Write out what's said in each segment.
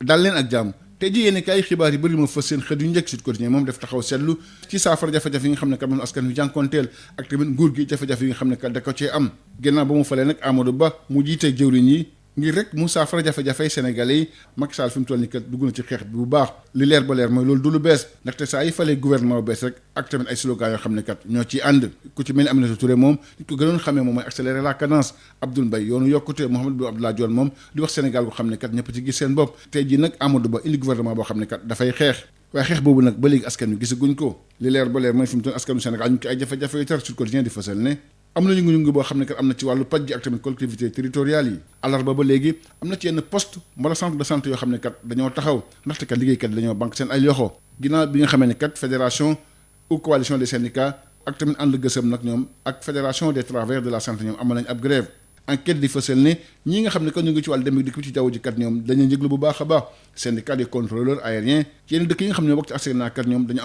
daal leen ak jàmm te ji yéen kay xibaar yi bëri moo fës seen xët yu njëkk Sud Quotidien moom def taxaw seetlu ci saafara jafe-jafe yi nga xam ne kat moom askan wi jànkonteel ak tamit nguur gi jafe-jafe yi nga xam ne kat da ko cee am gannaaw ba mu falee nag Amadou Ba mu jiite jëwriñ yi ngir rek Moussa fara jafe-jafey sénégalais yi Macky Sall fi mu toll nii kat dugg na ci xeex bi bu baax li leer ba leer mooy loolu du lu bees ndaxte saa yi falee gouvernement bees rek ak tamit ay slogan xam ne kat ñoo ciy ànd ku ci mel ni Aminata Touré moom li ko gënoon xamee moom mooy moom wax Sénégal boo xam ne kat ñëpp ci gis seen bopp tey ji nag Amadou Ba indi gouvernement boo xam ne kat dafay xeex waaye xeex boobu nag ba léegi askan wi gisaguñ ko li leer ba leer mooy fi mu toll askanu Sénégal ñu ci ay jafe-jafe yu tar sur quotidien di fësal am na yëngu-yëngu boo xam ne kat am na ci wàllu paj gi ak tamit collectivité territoriale yi alarba ba léegi am na ci yenn poste wala centre de santé yoo xam ne kat dañoo taxaw ndaxte kat liggéeykat dañoo banque seen ay loxo ginnaaw bi nga xamee ne kat fédération ou coalition des syndicats ak tamit ànd gësëm nag ñoom ak fédération de travailleurs de la santé ñoom amoon nañ ab grève enquête di fësal ne ñi nga xam ne que ñu ngi ci wàllu dem ak dikk bi ci jaww ji kat ñoom dañuy njëglu bu baax a baax syndicat des contrôleurs yenn dëkk yi nga xam ne kat ñoom dañu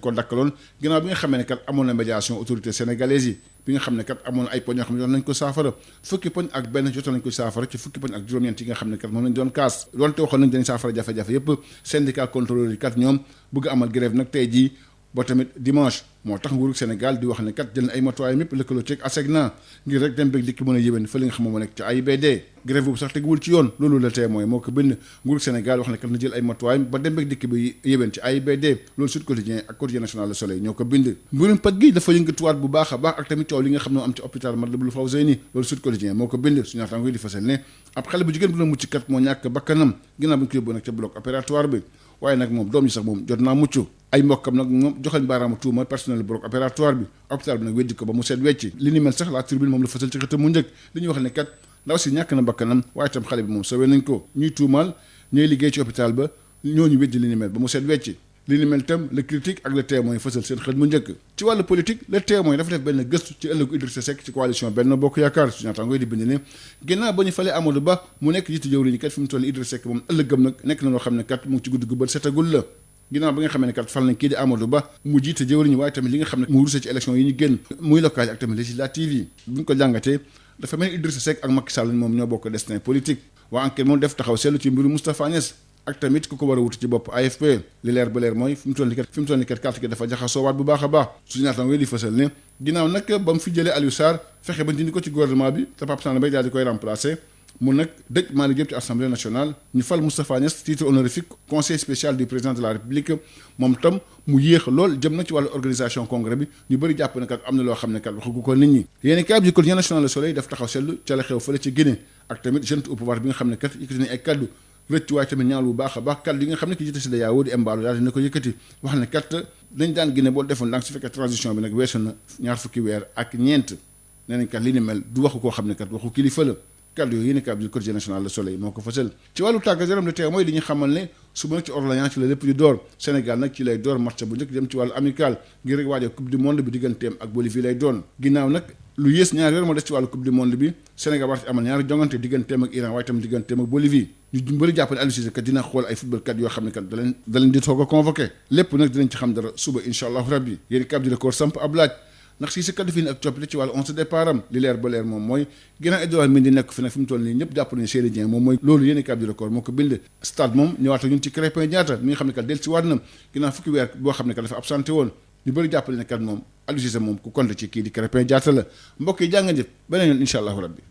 ko dakkaloon ginnaaw bi nga xamee ne kat amoon na médiation autorité sénégalaise yi bi nga xam ne kat amoon ay poñ yoo xam ne doon nañ ko saafara fukki poñ ak benn jotoon nañ ko saafara ci fukki poñ ak juróom-ñeent yi nga xam ne kat moom lañ doon kaas doonte waxoon nañ dañ ba tamit dimanche moo tax nguurug Sénégal di wax ne kat jël na ay matuwaayam yëpp lëkkaloo ceeg ASECNA ngir a yéwén fa nga xam moo nekk ci AIBD grève boobu sax teguwul loolu la tee moo ko bind nguurug Sénégal a baax ak tamit coow nga xam di fasal ne ab xale bu jigéen bu la mucc moo ñàkk bakkanam ginnaaw bu ñu ca bloc opératoire bi waaye nag moom doom ji sax moom jot naa mucc ay mbokkam nag moom joxañ baaraamu tuuma personnel bloc opératoire bi hôpital bi nag weddi ko ba mu seet wecci li ni mel sax la tribune moom la fësal ci xëtam mu njëkk li ñuy wax ne kat ndaw si ñàkk na bakkanam waaye itam xale bi moom sowee nañ ko ñuy tuumaal ñooy liggéey ci hôpital ba ñooñu weddi li ni mel ba mu seet wecci li ni mel tam critique ak le témoin fësal seen xel mu njëkk ci wàllu politique le témoin dafa def benn gëstu ci ëllëgu Idrissa Seck ci coalition Benno Bokk Yaakaar suñu naataangoo di bind ne ginnaaw ba ñu falee Amadou Ba mu nekk jiitu jëwriñ kat fi mu toll Idrissa Seck moom ëllëgam nag nekk na xam ne kat mu ci gudd gu setagul la ginnaaw bi nga xam ne kat fal nañ kii di Amadou Ba mu jiite jëwriñ waaye tamit li nga xam ne mu rusee ci élection yi ñu génn muy locales yi ak tamit législatives yi bu ñu taxaw seetlu ak tamit ku ko war a wut ci bopp AFP li leer ba leer mooy fi mu toll nii kat dafa jaxasoo waat bu baax a baax suñu naataangoo di fësal ne ginnaaw nag ba mu fi jëlee Aliou fexe ba dindi di koy ci assemblée bi ñu bëri am na loo xam ne kat waxagu ko nit ñi. yéen i kaab ji quotidien national soleil daf taxaw seetlu ca xew fële ci Guinée ak tamit jeune au pouvoir bi nga xam ne kat yëkkati nañ ay kaddu rëccuwaay tamit ñaawlu bu baax a baax kat li nga xam ne ki jiite si da yaawoo di Embalo daal dina ko yëkkati wax ne kat lañ daan génne boo defoon danga su fekkee transition bi nag weesu na ñaar fukki weer ak ñeent nee nañ kat li ni mel du waxu koo xam ne kat waxu kilifa la kàddu yooyu yéenekaay bi di Quotidien national Soleil moo ko fësal ci wàllu tàggat yaram li tey mooy li ñu xamal ne suba nag ci Orléans ci ci lay doon ginnaaw nag lu yées ñaari weer moo des ci wàllu coupe du monde bi Sénégal war ci amal ñaari jongante digganteem ak Iran waaye tamit digganteem ak Bolivie ñu bëri jàpp ne kat dina xool ay football kat yoo xam ne kat da leen di toog a convoqué lépp nag dinañ ci xam dara suba ndax si si kalifin ak coppite ci wàllu onze départ am li leer ba leer moom mooy ginnaaw Edouard Mendy nekk fi nag fi toll nii ñëpp jàpp nañu Seydi Dieng moom mooy loolu yéen cap du record moo ko bind stade moom ñun ci Krépin Diatta mi nga xam ne kat del si waat na ginnaaw fukki weer boo xam ne kat dafa absenté woon ñu bëri jàpp ne kat moom Aliou Cissé moom ku compte ci kii di Krépin Diatta la mbokk yi jàngan jëf beneen yoon incha allahu rabbi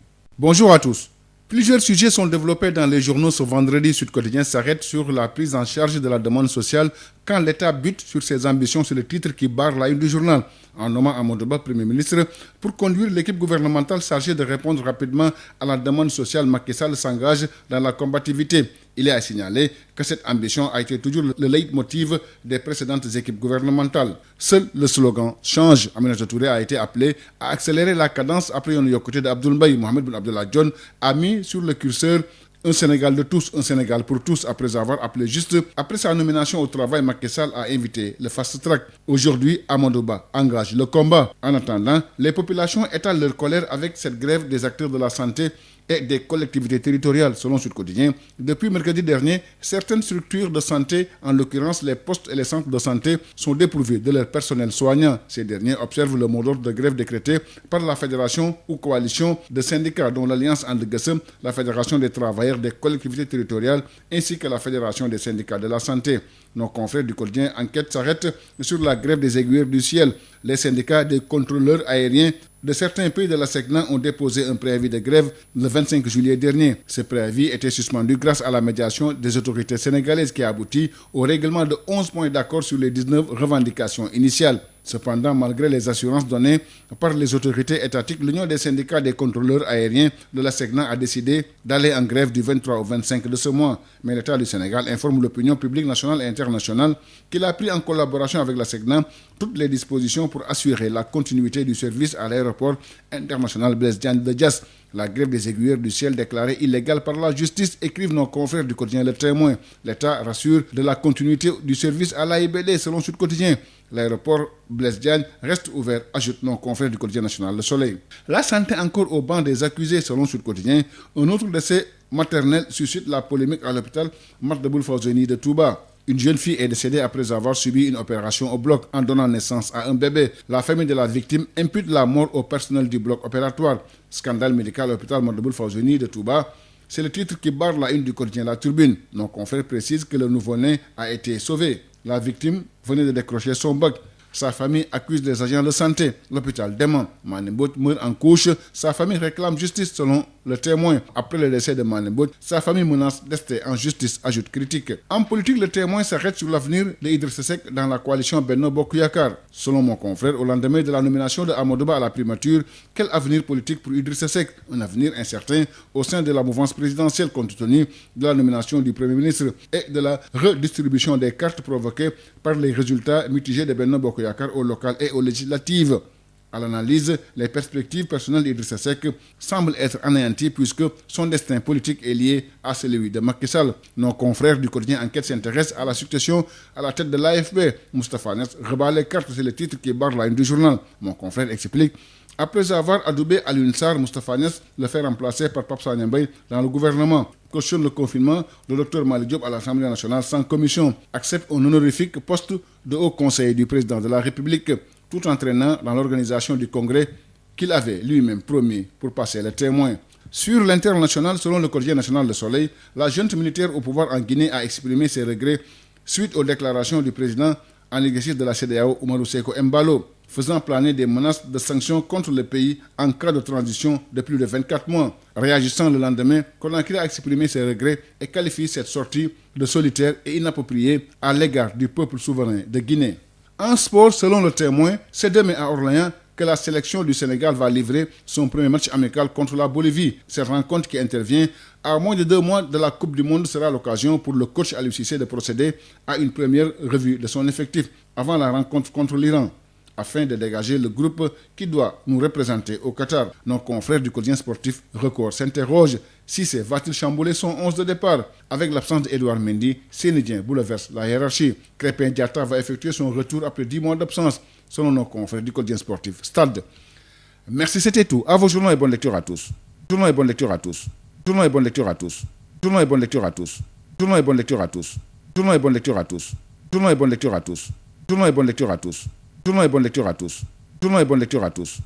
Plusieurs sujets sont développés dans les journaux ce vendredi. Sud Quotidien s'arrête sur la prise en charge de la demande sociale quand l'État bute sur ses ambitions, c'est le titre qui barre la une du journal. En nommant Amadou Premier ministre pour conduire l'équipe gouvernementale chargée de répondre rapidement à la demande sociale, Macky s'engage dans la combativité. Il est à signaler que cette ambition a été toujours le leitmotiv des précédentes équipes gouvernementales. Seul le slogan Change Aminata Touré a été appelé à accélérer la cadence après une yokkute d'Abdoul Mbaye. Mohamed Boun Abdallah a mis sur le curseur un Sénégal de tous, un Sénégal pour tous, après avoir appelé juste. Après sa nomination au travail, Macky Sall a invité le Fast Track. Aujourd'hui, Amadouba engage le combat. En attendant, les populations étalent leur colère avec cette grève de la santé et des collectivités territoriales, selon Sud Quotidien. Depuis mercredi dernier, certaines structures de santé, en l'occurrence les postes et les centres de santé, sont dépourvus de leur personnel soignant. Ces derniers observent le mot de grève décrété par la fédération ou coalition de syndicats dont l'Alliance Andegesem, la Fédération des travailleurs des collectivités territoriales ainsi que la Fédération des syndicats de la santé. Nos confrères de certains pays de la CECNA ont déposé un préavis de grève le 25 juillet dernier. Ce préavis était suspendu grâce à la médiation des autorités sénégalaises qui a abouti au Cependant, malgré les assurances données par les autorités étatiques, l'Union des syndicats de la SECNA a décidé d'aller en grève du 23 au 25 de ce mois. Mais a pris en collaboration avec la SECNA toutes les dispositions pour assurer la continuité du service à l'aéroport international Blaise Diagne de Diass. La grève des aiguilleurs du ciel déclarée illégale par la justice, écrivent nos confrères du quotidien Le Témoin. L'État rassure de la continuité du service à l'AIBD selon Sud Quotidien. L'aéroport Blaise Diagne reste ouvert, ajoute nos confrères du quotidien national Le Soleil. La santé encore au banc des accusés selon Sud Quotidien. Un autre décès maternel suscite la polémique à l'hôpital Matlaboul Fawzeni de Touba. Une jeune fille est décédée après avoir subi une opération au bloc en donnant naissance à un bébé. La famille de la victime impute la mort au personnel du bloc opératoire. Scandale médical à l'hôpital Mandoboul Fawzoni de Touba. C'est le titre qui barre la une du quotidien La Turbine. Nos confrères précisent que le nouveau-né a été sauvé. La victime venait de décrocher son bac. Sa famille accuse les agents de santé. L'hôpital dément. Manibot meurt Le témoin, après le décès de Manembo, sa famille menace d'ester en justice, ajoute critique. En politique, le témoin s'arrête sur l'avenir d'Idriss Seck dans la coalition Benno Bokk Yakaar. Selon mon confrère, au lendemain de la nomination de Amadou Ba à la primature, quel avenir politique pour Idriss Un avenir incertain au sein de la mouvance présidentielle compte de la nomination du Premier ministre et de la redistribution des cartes provoquées À l'analyse, les perspectives personnelles d'Idrissa Seck semblent être anéanties puisque son destin politique est lié à celui de Macky Nos confrères du quotidien Enquête s'intéressent à la succession à la tête de l'AFP. Moustapha Ness rebat les cartes, c'est le titre qui barre la ligne journal. Mon confrère explique après avoir adoubé à l'UNSAR, Moustapha Ness le fait remplacer par Papsa Niambay dans le gouvernement, cautionne le confinement de Dr tout entraînant dans l'organisation du congrès qu'il avait lui-même promis pour passer le témoin. Sur l'international, selon le quotidien national Le Soleil, la junte militaire au pouvoir en Guinée a exprimé ses regrets suite aux déclarations du président en exercice de la CEDEAO, Oumarou Seko Embalo, faisant planer des menaces de sanctions contre le pays en cas de transition de plus de 24 mois. Réagissant le lendemain, Conakry a exprimé ses regrets En sport, selon le témoin, c'est demain à Orléans que la sélection du Sénégal va livrer son premier match amical contre la Bolivie. Cette rencontre qui intervient à moins de deux mois de la Coupe du Monde sera l'occasion pour le coach Aliou Cissé de procéder à une première revue de son effectif avant la rencontre contre l'Iran afin de dégager le groupe qui doit nous représenter au Qatar. Nos confrères du quotidien sportif Record s'interrogent Cissé va-t-il chambouler son 11 de départ Avec l'absence d'Edouard Mendy, Sénidien bouleverse la hiérarchie. Crépin Diatta va effectuer son retour après 10 mois d'absence, selon nos confrères du quotidien sportif Stade. Merci, c'était tout. À vos journaux et bonne lecture à tous. Journaux et bonne lecture à tous. Journaux et bonne lecture à tous. Journaux et bonne lecture à tous. Journaux et bonne lecture à tous. Journaux et bonne lecture à tous.